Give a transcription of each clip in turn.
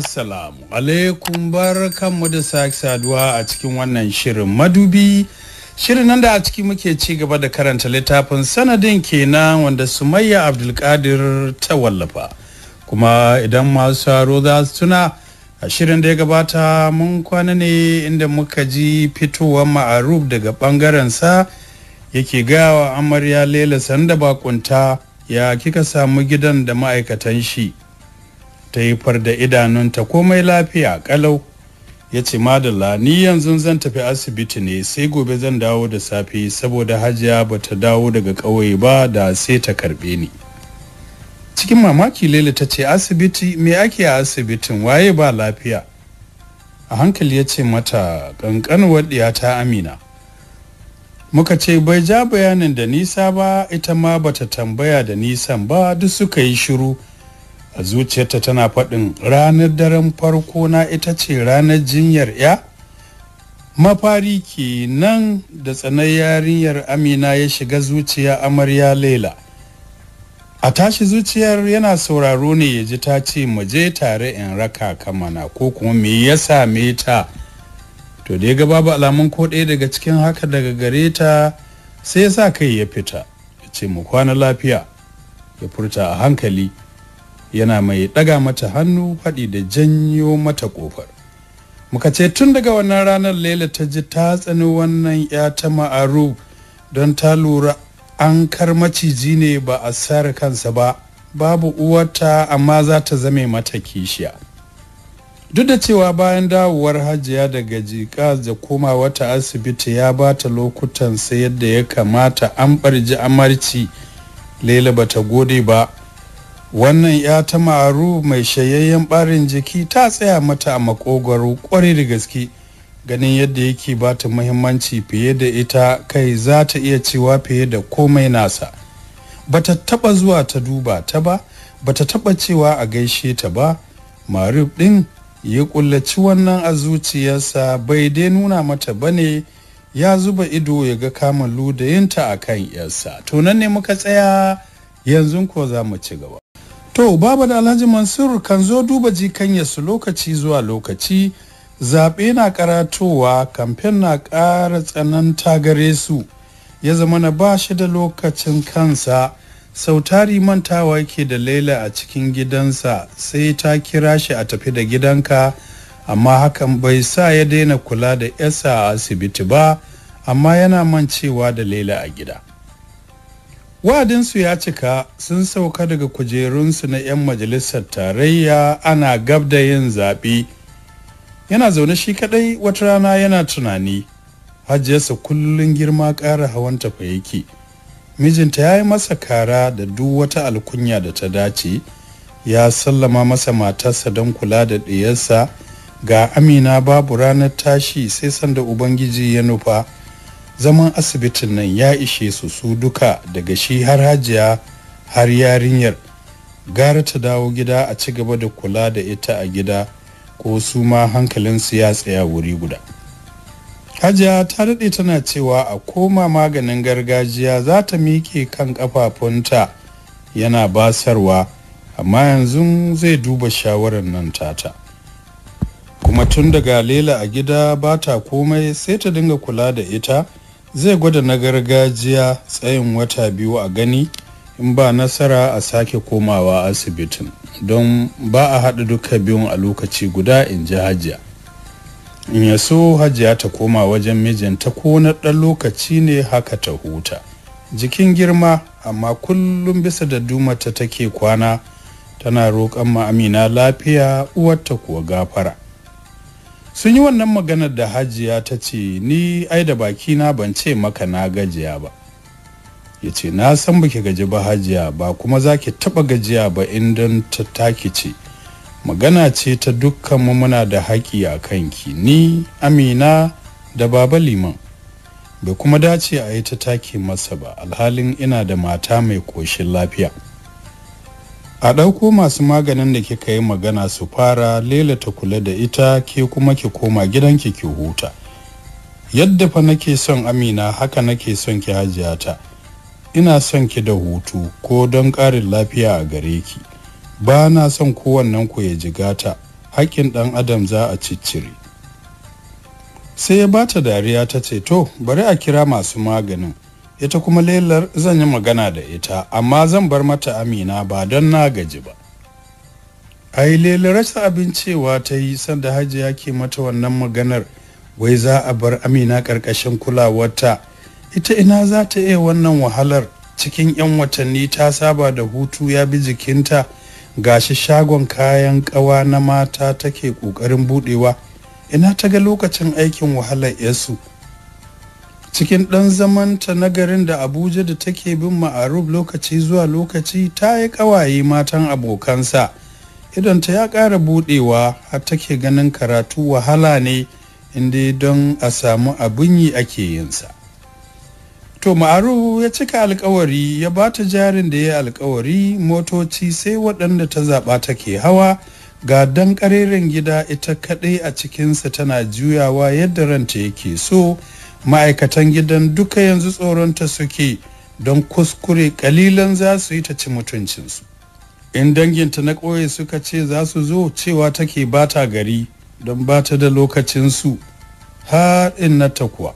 Assalamu alaikum barkanmu da sake saduwa a cikin wannan shirin madubi. Shirin nan da a ciki muke ci gaba da karanta littafin sanadin kenan wanda Sumayya Abdulkadir ta wallafa. Kuma idan masu saro za su tuna a shirin da ya gabata mun kwana ne inda muka ji fitowar ma'aruf daga bangaren sa yake gawa amarya lela sanda bakunta ya kika samu gidan da ma'aikatan shi. ta yi far da idanunta komai lafiya kalau ya ce madalla ni yanzu zan tafi asibiti ne sai gobe zan dawo da safe saboda hajiya ba ta dawo daga ƙauye ba da sai ta karɓe ni cikin mamaki lele ta ce asibiti me ake a asibitin waye ba lafiya a hankali ya ce mata ƙanƙanuwar ta amina muka ce bai ja bayanin da nisa ba ita ma bata tambaya da nisan ba duk suka yi shiru a zuciyarta tana faɗin ranar daren farko na ita ce ranar jinyar ya mafari ke nan da tsanar yarinyar amina ya shiga zuciya amarya laila a tashi zuciyar yana sauraro ne ya ji ta ce je tare in raka kamana ko kuma me ya same ta to da ya ga babu alamun ko ɗaya daga cikin haka daga gare ta sai ya sa kai ya fita ya ce mu kwana lafiya ya furta a hankali yana mai ɗaga mata hannu haɗi da janyo mata ƙofar muka ce tun daga wannan ranar laila ta ji ta tsani wannan ya ta ma'aru don ta lura an kar maciji ne ba a sare kansa ba babu uwarta amma za ta zame mata kishiya duk da cewa bayan dawowar hajiya daga jika da koma wata asibiti ya ba ta lokutan sayar da ya kamata an ɓarji amarci laila bata gode ba wannan ya ta maru mai shayayyen barin jiki ta tsaya mata a maƙogwaro kwarai da gaske ganin yadda yake ba ta muhimmanci fiye da ita kai za ta iya cewa fiye da komai nasa ba ta taba zuwa ta duba ta ba ba ta taba cewa a gaishe ta ba maruf din ya kullaci wannan a zuciyarsa bai dai nuna mata bane ya zuba ido ya ga kama ludayinta a kan yarsa to nan ne muka tsaya yanzu ko za mu ci gaba To, babu da Alhaji Mansur kan zo duba yasu lokaci zuwa lokaci, zaɓe na karatowa, kamfen na ƙara tsananta gare su, ya zama na ba shi da lokacin kansa, sautari mantawa yake da Laila a cikin gidansa sai ta kira shi a tafi da gidanka, amma hakan bai sa ya daina kula da yasa a asibiti ba, amma yana mancewa da Laila a gida. Wa'adinsu ya cika sun sauka daga kujerunsu na 'yan majalisar tarayya ana gab da yin zaɓe. Yana zaune shi kaɗai wata rana yana tunani, hajjiyarsa kullum girma ƙara hawan tafa yake. Mijinta ya yi masa kara da duk wata alkunya da ta dace, ya sallama masa matarsa don kula da ɗiyarsa ga amina babu ranar tashi sai sanda Ubangiji ya nufa. zaman asibitin nan ya ishe su su duka daga shi har hajiya har yarinyar gara ta dawo gida a ci gaba da kula da ita a gida ko su ma hankalinsu ya tsaya wuri guda hajiya ta daɗe tana cewa a koma maganin gargajiya za ta miƙe kan ƙafafunta yana basarwa amma yanzu zai duba shawarar nan tata kuma tun daga lela a gida ba ta komai sai ta dinga kula da ita zai gwada na gargajiya tsayin wata biyu a gani in ba nasara a sake komawa asibitin don ba a haɗa duka biyun a lokaci guda in ji hajiya in ya so hajiya ta koma wajen mijinta ko na ɗan lokaci ne haka ta huta jikin girma amma kullum bisa da dumata take kwana tana roƙon ma amina lafiya uwarta kuwa gafara sun yi wannan maganar da hajiya ta ce ni ai da baki na ban ce maka na gajiya ba ya ce na san baki gaji ba hajiya ba kuma za ki taɓa gajiya ba idan ta taki ce magana ce ta dukkan muna da haƙi a kanki ni amina da baba liman bai kuma dace a yi ta take masa ba alhalin ina da mata mai ƙoshin lafiya a ɗauko masu maganin da kika yi magana su fara lelata kula da ita ke kuma ki koma gidanki ki huta yadda fa nake son amina haka nake son ki hajiya ta ina son ki da hutu ko don ƙarin lafiya a gare ki ba na son kowannen ku ya jigata haƙƙin ɗan adam za a ciccire sai ya bata dariya ta ce to bari a kira masu maganin ita kuma lelar zan yi magana da ita amma zan bar mata amina ba don na gaji ba ai lelar rasa abincewa ta yi sanda hajiya ke mata wannan maganar wai za a bar amina ƙarƙashin kulawarta ita ina za ta iya wannan wahalar cikin 'yan watanni ta saba da hutu ya bi jikinta ga shi shagon kayan ƙawa na mata take ƙoƙarin buɗewa ina ta ga lokacin aikin wahalar yasu cikin ɗan zamanta na garin da abuja da take bin ma'aruf lokaci zuwa lokaci ta yi ƙawaye matan abokansa ta ya ƙara buɗewa har take ganin karatu wahala ne inda don a samu abin yi ake yinsa to ma'aruf ya cika alkawari ya ba ta jarin da ya alkawari motoci sai waɗanda ta zaɓa take hawa ga dan ƙareren gida ita kaɗai a cikinsa tana juyawa yadda ranta yake so ma'aikatan gidan duka yanzu tsoronta suke don kuskure kalilan za su yi ta ci mutuncinsu in danginta na ƙoye suka ce za su zo cewa take bata gari don bata da lokacinsu har in na ta kuwa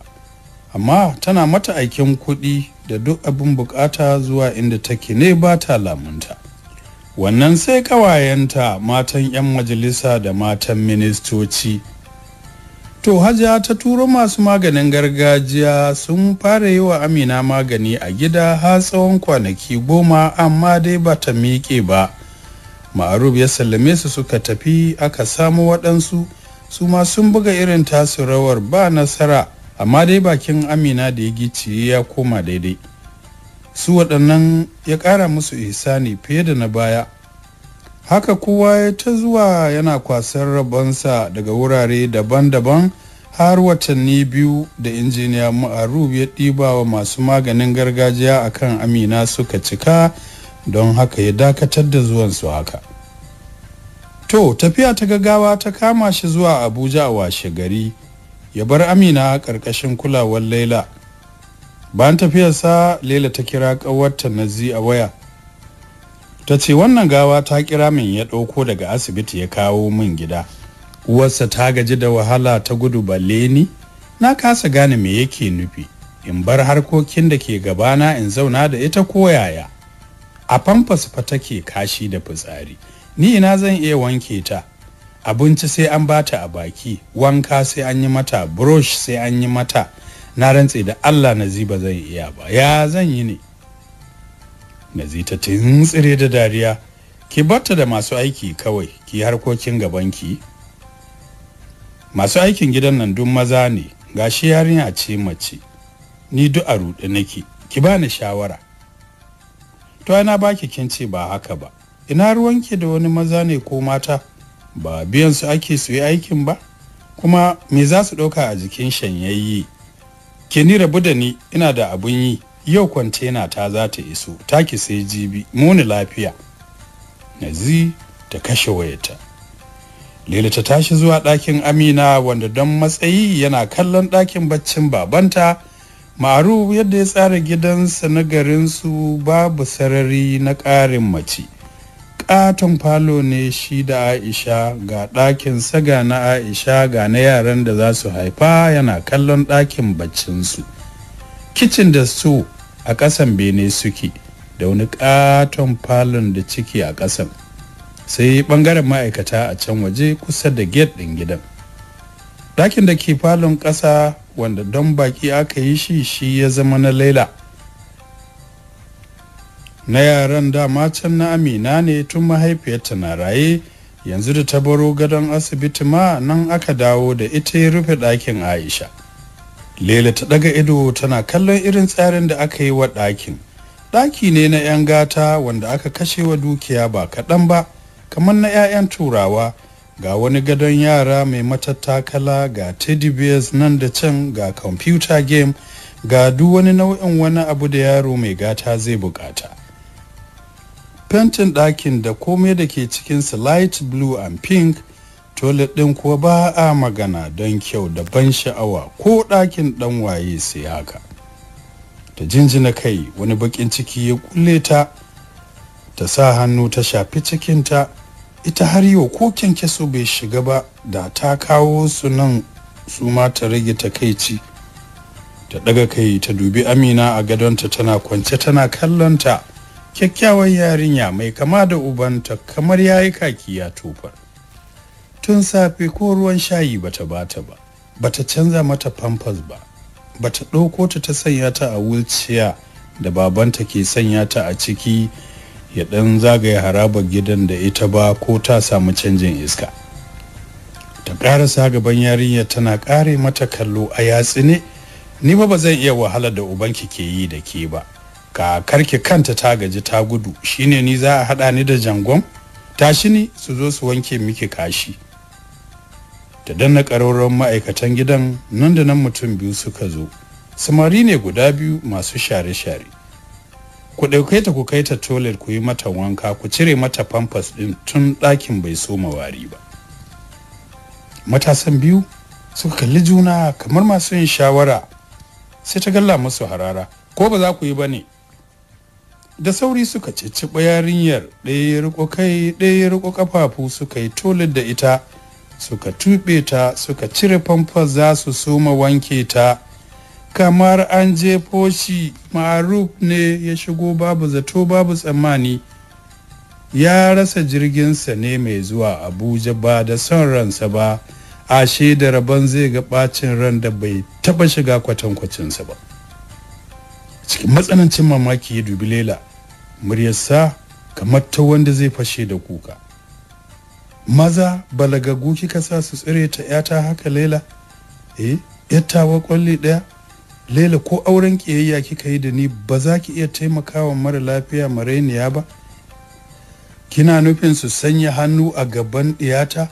amma tana mata aikin kuɗi da duk abin bukata zuwa inda take ne bata lamunta wannan sai ƙawayenta matan 'yan majalisa da matan ministoci to hajiya ta turo masu maganin gargajiya sun fara yi wa amina magani a gida har tsawon kwanaki goma amma dai ba ta miƙe ba ma'arub ya sallame su suka tafi aka samu waɗansu su ma sun buga irin tasu rawar ba nasara amma dai bakin amina da ya gici ya koma daidai su waɗannan ya ƙara musu ihsani fiye da na baya haka kowa ya ta zuwa yana kwasar rabonsa daga wurare daban-daban har watanni biyu da injiniya ma'arub ya ɗiba wa masu maganin gargajiya a kan amina suka cika don haka ya dakatar da zuwansu haka to tafiya ta gaggawa ta kama shi zuwa abuja a washe gari ya bar amina ƙarƙashin kulawar laila bayan tafiyarsa laila ta kira ƙawarta nazi a waya ta ce wannan gawa ta kira min ya ɗauko daga asibiti ya kawo min gida uwarsa ta gaji da wahala ta gudu balle ni na kasa gane me yake nufi in bar harkokin da ke gabana in zauna da ita koyaya a famfas fa take kashi da fitsari ni ina zan iya wanke ta abinci sai an bata a baki wanka sai an yi mata brush sai an yi mata na rantse da allah na ziba zan iya ba ya zan yi ne na zita tsire da dariya ki barta da masu aiki kawai ki harkokin gabanki masu aikin gidan nan duk maza ne gashi yarinya ce mace ni duk a ruɗe nake ki bani shawara to na baki kin ce ba haka ba ina ruwanki da wani maza ne ko mata ba biyan su ake su yi aikin ba kuma me za su ɗauka a jikin shanyayye ke ni rabu da ni ina da abun yi yau kwantena ta za ta iso taki sai jibi muni lafiya nazi ta kashe wayata Lila ta tashi zuwa ɗakin Amina wanda don matsayi yana kallon ɗakin baccin babanta Maru yadda ya tsara gidansa na garinsu babu sarari na ƙarin mace. Ƙaton falo ne shi da Aisha ga ɗakin saga na Aisha ga na yaran da za su haifa yana kallon ɗakin baccinsu. Kicin da su a ƙasan bene suke da wani ƙaton falon da ciki a ƙasan sai ɓangaren ma'aikata a can waje kusa da gate ɗin gidan ɗakin da ke falon ƙasa wanda don baƙi aka yi shi shi ya zama na laila na yaran dama can na amina ne tun mahaifiyarta na raye yanzu da ta baro gadon asibiti ma nan aka dawo da ita ya rufe ɗakin aisha lele ta daga ido tana kallon irin tsarin da aka yi wa ɗakin. Ɗaki ne na 'yan gata wanda aka kashe wa dukiya ba kaɗan ba, kamar na 'ya'yan turawa ga wani gadon yara mai matattakala ga teddy bears nan da can ga computer game ga duk wani nau'in wani abu da yaro mai gata zai bukata. Fentin ɗakin da komai da ke cikinsa light blue and pink toilet ɗin kuwa ba a magana don kyau da ban sha'awa ko ɗakin ɗan waye sai haka ta jinjina kai wani baƙin ciki ya kulle ta ta sa hannu ta shafi cikinta ita har yau ko kyankyaso bai shiga ba da ta kawo su nan su ma ta rage takaici ta daga kai ta dubi amina a gadonta tana kwance tana kallonta kyakkyawar yarinya mai kama da ubanta kamar yayi kaki ya tofar tun safe ko ruwan shayi bata bata ba bata canza mata pampers ba bata ɗauko ta ta sanya ta a wheelchair da babanta ke sanya ta a ciki ya ɗan zagaya harabar gidan da ita ba ko ta samu canjin iska ta ƙarasa gaban yarinya tana ƙare mata kallo a yatsi ne ni ba zan iya wahala da ubanki ke yi da ke ba ki kanta ta gaji ta gudu shine ni za a haɗa ni da jangon tashi ni su zo su wanke miki kashi da danna ƙararrawar ma'aikatan gidan nan da nan mutum biyu suka zo samari ne guda biyu masu share-share ku ɗauke ta ku kai ta toilet ku yi mata wanka ku cire mata pampas ɗin tun ɗakin bai soma wari ba matasan biyu suka kalli juna kamar masu yin shawara sai ta galla musu harara ko ba za ku yi ba ne da sauri suka cicciɓa yarinyar ɗaya ya riko kai ɗaya ya ƙafafu suka yi toilet da ita suka tuɓe ta suka cire famfas za su soma wanke ta kamar an jefo shi ma'aruf ne ya shigo babu zato babu tsammani ya rasa jirginsa ne mai zuwa abuja ba da son ransa ba a da rabon zai ga bacin ran da bai taɓa shiga kwatankwacinsa ba cikin matsanancin mamaki ya dubi lela muryarsa kamar ta wanda zai fashe da kuka maza balagagu kika sa su tsire ta yata haka lela eh yattawa kwalli daya lela ko auren kiyayya kika yi da ni ba za ki iya taimakawa mara lafiya marainiya ba kina nufin su sanya hannu a gaban diyata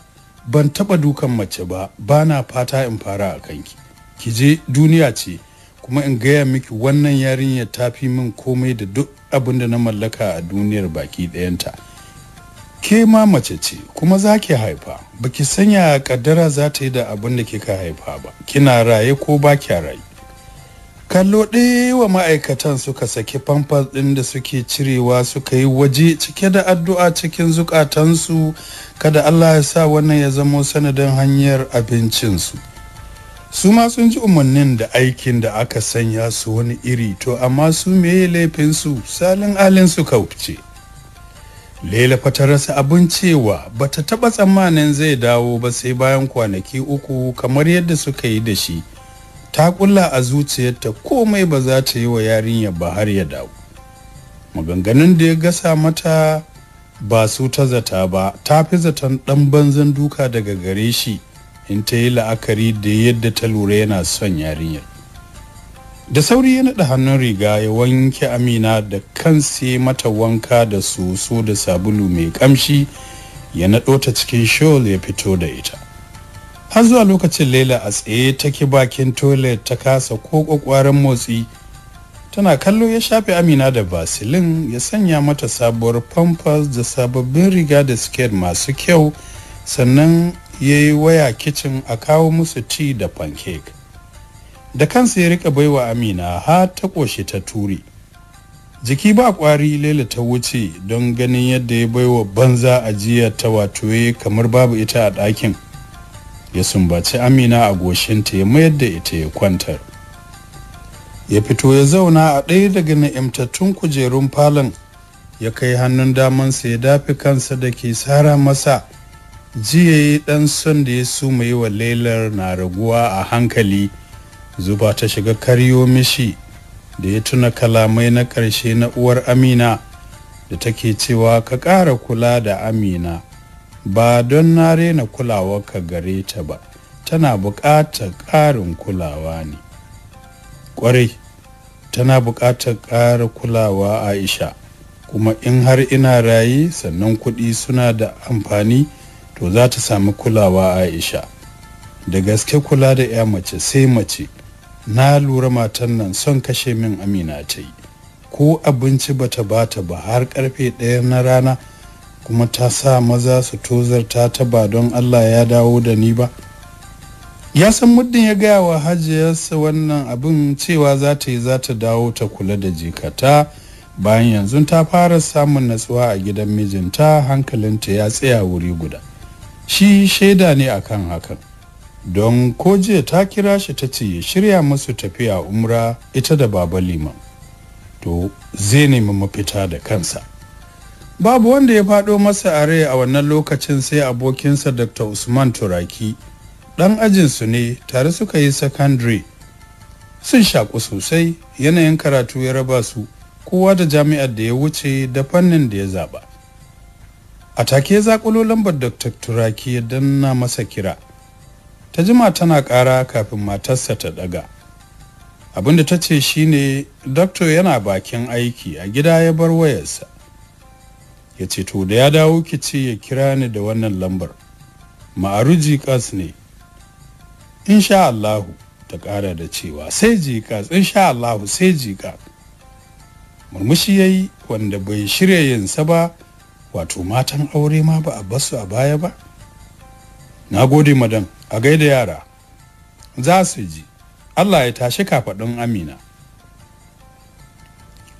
ban taba dukan mace ba bana fata in fara a kanki ki je duniya ce kuma in gaya miki wannan yarinyar ta fi min komai da duk abinda na mallaka a duniyar baki ɗayanta. ke ma mace ce kuma za ki haifa ki sanya kaddara za ta yi da abin da kika haifa ba kina raye ko ba kya raye kallo wa ma'aikatan suka saki famfas ɗin da suke cirewa suka yi waje cike da addu'a cikin zukatansu kada allah ya sa wannan ya zamo sanadin hanyar abincinsu su ma sun ji umarnin da aikin da aka sanya su wani iri to amma su laifin laifinsu salin alin su wuce. Lele ta rasa abin cewa bata taɓa tsammanin zai dawo ba sai bayan kwanaki uku kamar yadda suka yi da shi. Ta kulla a zuciyarta komai ba za ta yi wa yarinya ba har ya dawo. Maganganun da ya gasa mata ba su ta zata ba, ta fi zaton ɗan banzan duka daga gare shi in ta yi la'akari da yadda ta lura yana son yarinyar. da sauri ya naɗa hannun riga ya wanke amina da kansi mata wanka da soso da sabulu mai kamshi ya naɗo ta cikin shol ya fito da ita har zuwa lokacin laila a tsaye take bakin toilet ta kasa ko kwakwaran motsi tana kallo ya shafe amina da basilin ya sanya mata sabuwar pampers da sababbin riga da skirt masu kyau sannan ya yi waya kicin a kawo musu tea da pancake da kansa ya rika baiwa amina har ta koshe ta ture jiki ba ƙwari lela ta wuce don ganin yadda ya baiwa banza ajiya ta wato kamar babu ita a ɗakin ya sumbaci amina a goshinta ya mayar da ita ya kwantar ya fito ya zauna a ɗaya daga na'imtattun kujerun falon ya kai hannun daman sa ya dafi kansa da ke sara masa jiya yi ɗan son da ya sumaye wa lailar na raguwa a hankali zuba ta shiga karyo mishi da ya tuna kalamai na ƙarshe na uwar amina da take cewa ka ƙara kula da amina ba don na rena kulawa ka gare ta ba tana buƙatar ƙarin kulawa ne ƙwarai tana buƙatar ƙara kulawa aisha kuma in har ina raye sannan kuɗi suna da amfani to za ta sami kulawa aisha da gaske kula da 'ya mace sai mace na lura matan nan son kashe min amina ta yi ko abinci bata bata ba har karfe ɗaya na rana kuma ta sa maza su tozarta ta ba don allah ya dawo da ni ba ya san muddin ya gaya wa hajiyarsa wannan abin cewa za ta yi za ta dawo ta kula da jikata bayan yanzu ta fara samun natsuwa a gidan mijinta hankalinta ya tsaya wuri guda shi shaida ne akan hakan don ko jiya ta kira shi ta ce ya shirya musu tafiya umra ita da baba liman to zai nemi mafita da kansa babu wanda ya faɗo masa a rai a wannan lokacin sai abokinsa dr usman turaki ɗan ajinsu ne tare suka yi secondary sun shaƙu sosai yanayin karatu ya raba su kowa da jami'ar da ya wuce da fannin da ya zaɓa a take zaƙulo lambar dr turaki ya danna masa kira ta jima tana ƙara kafin matarsa ta daga abinda ta ce shine doctor yana bakin aiki a gida ya bar wayarsa ya ce to da ya dawo kici ya kira ni da wannan lambar ma'aruji kas ne insha Allahu ta ƙara da cewa sai jikas insha Allahu sai jika murmushi yayi wanda bai shirya yinsa ba wato matan aure ma ba a basu a baya ba na gode madam a gaida yara za su ji allah ya tashi kafaɗin amina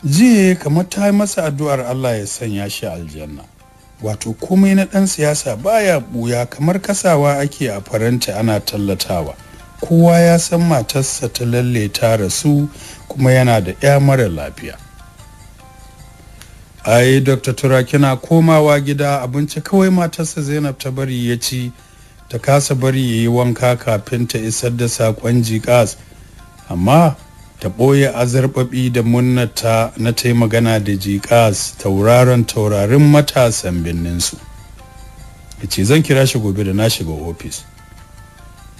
jiye kamar ta yi masa addu'ar allah ya sanya shi aljanna wato komai na ɗan siyasa baya ɓuya kamar kasawa ake a faranta ana tallatawa kowa ya san matarsa ta lalle ta rasu kuma yana da 'ya mara lafiya ai dr Turakina komawa gida abinci kawai matarsa zainab ta bari ya ci ta kasa bari ya yi wanka kafin ta isar da saƙon jikas amma ta ɓoye azarɓaɓi da munnata na ta magana da jikas tauraron taurarin matasan birninsu ya ce zan kira shi gobe da na shiga ofis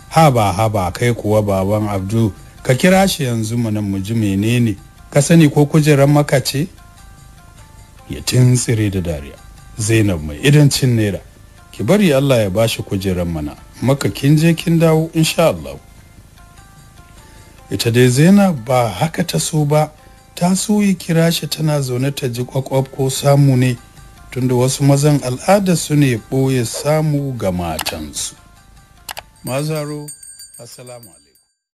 haba haba kai kuwa baban abdu ka kira shi yanzu manan mu ji menene ka sani ko kujerar maka ce ya tuntsire da dariya zainab mai idancin naira ki bari Allah ya bashi kujeran mana maka kin je kin dawo insha Allah ita dai zena ba haka ta so ba ta so yi kira shi tana zaune ta ji kwakwab ko samu ne tunda wasu mazan al'ada su ne ɓoye samu ga matansu mazaro assalamu